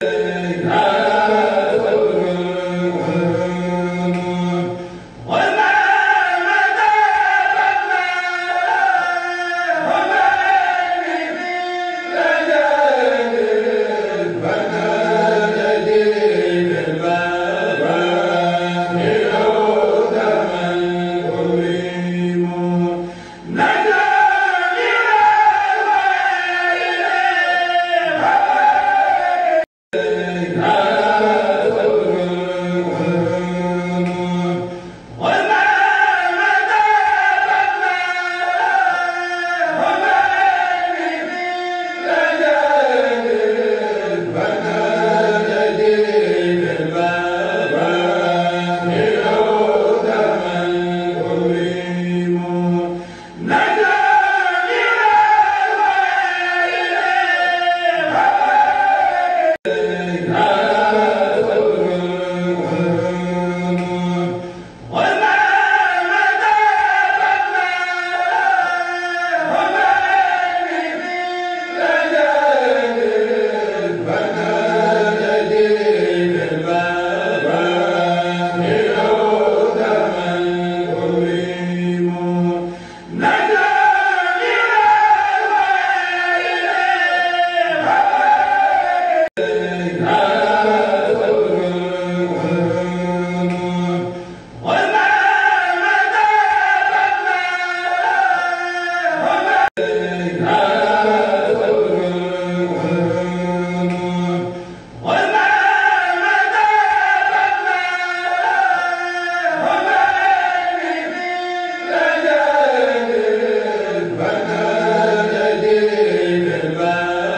Amen.